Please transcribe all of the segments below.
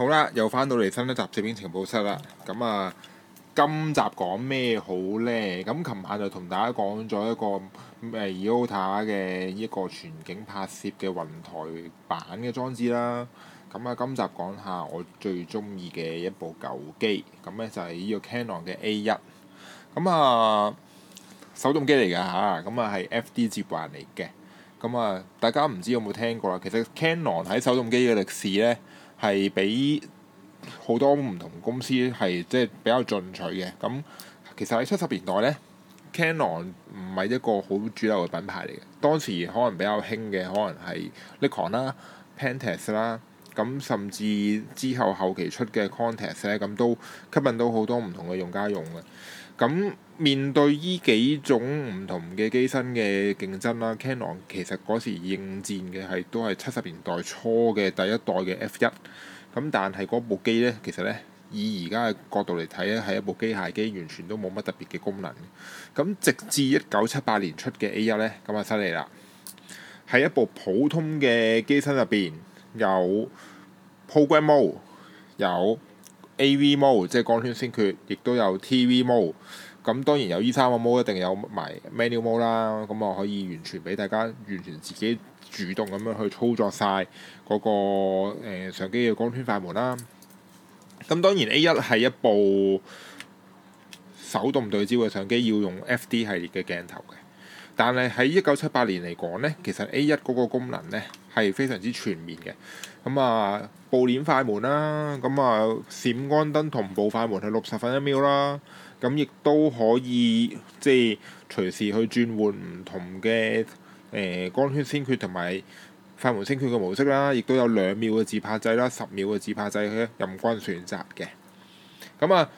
好啦，又翻到嚟新一集攝影情報室啦。咁啊，今集講咩好呢？咁琴晚就同大家講咗一個誒 y o t a 嘅一個全景拍攝嘅雲台版嘅裝置啦。咁啊，今集講下我最中意嘅一部舊機。咁呢就係呢個 Canon 嘅 A 一。咁啊，手動機嚟㗎吓。咁啊，係 FD 接環嚟嘅。咁啊，大家唔知有冇聽過啦？其實 Canon 喺手動機嘅歷史呢，係比好多唔同公司係即係比較進取嘅，咁其實喺七十年代呢 Canon 唔係一個好主流嘅品牌嚟嘅，當時可能比較興嘅可能係 Nikon 啦、Pentax 啦，咁甚至之後後期出嘅 Contax 咧，咁都吸引到好多唔同嘅用家用嘅。咁面對呢幾種唔同嘅機身嘅競爭啦，Canon 其實嗰時應戰嘅係都係七十年代初嘅第一代嘅 F 一，咁但係嗰部機呢，其實呢，以而家嘅角度嚟睇呢，係一部機械機，完全都冇乜特別嘅功能。咁直至一九七八年出嘅 A 一呢，咁就犀利啦！係一部普通嘅機身入邊有 program mode 有，AV mode 即係光圈先決，亦都有 TV mode。咁當然有 e 三個 mode，一定有埋 manual mode 啦。咁啊可以完全俾大家完全自己主動咁樣去操作晒嗰個誒、呃、相機嘅光圈快門啦。咁當然 A 一係一部手動對焦嘅相機要用 FD 系列嘅鏡頭嘅。但係喺一九七八年嚟講呢，其實 A 一嗰個功能呢係非常之全面嘅。咁啊，布簾快門啦、啊，咁啊閃光燈同步快門係六十分一秒啦。咁亦都可以即係隨時去轉換唔同嘅、呃、光圈先決同埋快門先決嘅模式啦。亦都有兩秒嘅自拍掣啦，十秒嘅自拍掣，任君選擇嘅。咁啊，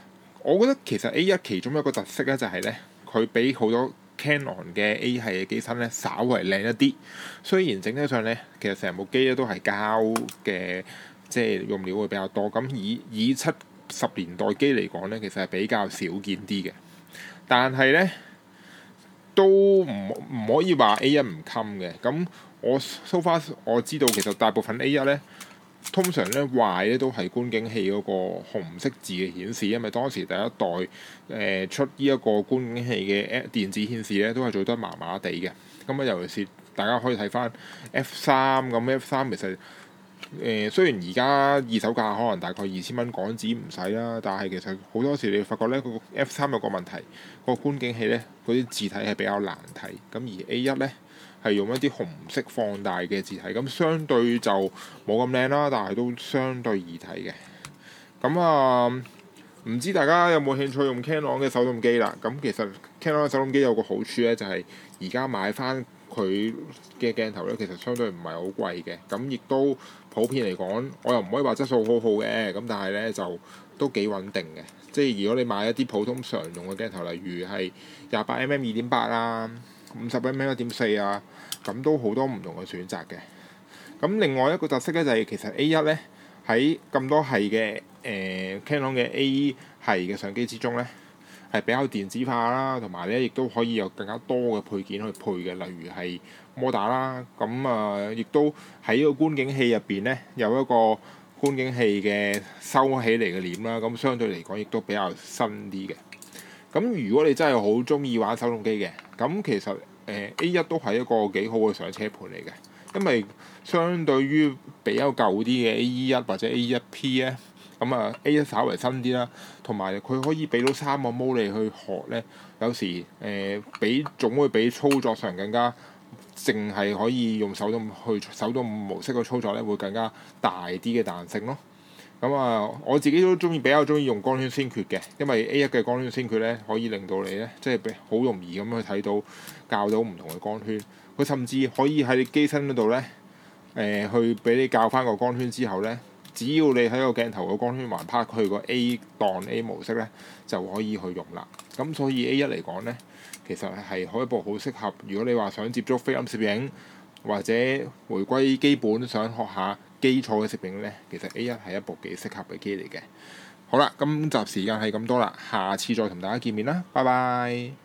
我覺得其實 A 一其中一個特色咧就係呢，佢俾好多。Canon 嘅 A 系嘅機身呢，稍為靚一啲。雖然整體上呢，其實成部機呢都係膠嘅，即係用料會比較多。咁以以七十年代機嚟講呢，其實係比較少見啲嘅。但係呢，都唔唔可以話 A1 唔襟嘅。咁我 so far，我知道，其實大部分 A1 呢。通常咧壞咧都係觀景器嗰個紅色字嘅顯示，因為當時第一代誒、呃、出呢一個觀景器嘅誒電子顯示咧都係做得麻麻地嘅。咁、嗯、啊，尤其是大家可以睇翻 F 三咁，F 三其實誒、呃、雖然而家二手價可能大概二千蚊港紙唔使啦，但係其實好多時你發覺咧、個 F 三有個問題、個觀景器咧啲字體係比較難睇。咁而 A 一咧。係用一啲紅色放大嘅字體，咁相對就冇咁靚啦，但係都相對易睇嘅。咁啊，唔知大家有冇興趣用 Canon 嘅手動機啦？咁其實 Canon 手動機有個好處呢，就係而家買翻佢嘅鏡頭呢，其實相對唔係好貴嘅。咁亦都普遍嚟講，我又唔可以話質素好好嘅，咁但係呢就都幾穩定嘅。即係如果你買一啲普通常用嘅鏡頭，例如係廿八 mm 二點八啦。五十蚊蚊一點四啊，咁、mm、都好多唔同嘅選擇嘅。咁另外一個特色咧就係、是、其實 A 一咧喺咁多係嘅誒 Canon 嘅 A 系嘅相機之中咧，係比較電子化啦，同埋咧亦都可以有更加多嘅配件去配嘅，例如係摩打啦。咁啊，亦、呃、都喺個觀景器入邊咧有一個觀景器嘅收起嚟嘅簾啦。咁相對嚟講亦都比較新啲嘅。咁如果你真係好中意玩手動機嘅，咁其實誒 A 一都係一個幾好嘅上車盤嚟嘅，因為相對於比較舊一個舊啲嘅 AE 一或者 AE 一 P 咧，咁啊 A 一稍微新啲啦，同埋佢可以俾到三個模式去學咧，有時誒、呃、比總會比操作上更加，淨係可以用手動去手動模式嘅操作咧會更加大啲嘅彈性咯。咁啊，我自己都中意比較中意用光圈先決嘅，因為 A 一嘅光圈先決咧，可以令到你咧，即係好容易咁去睇到較到唔同嘅光圈。佢甚至可以喺你機身嗰度咧，誒、呃、去俾你較返個光圈之後咧，只要你喺個鏡頭個光圈環拍佢個 A 檔 A 模式咧，就可以去用啦。咁所以 A 一嚟講咧，其實係可以部好適合，如果你話想接觸菲林攝影或者回歸基本，想學下。基礎嘅攝影呢，其實 A1 係一部幾適合嘅機嚟嘅。好啦，今集時間係咁多啦，下次再同大家見面啦，拜拜。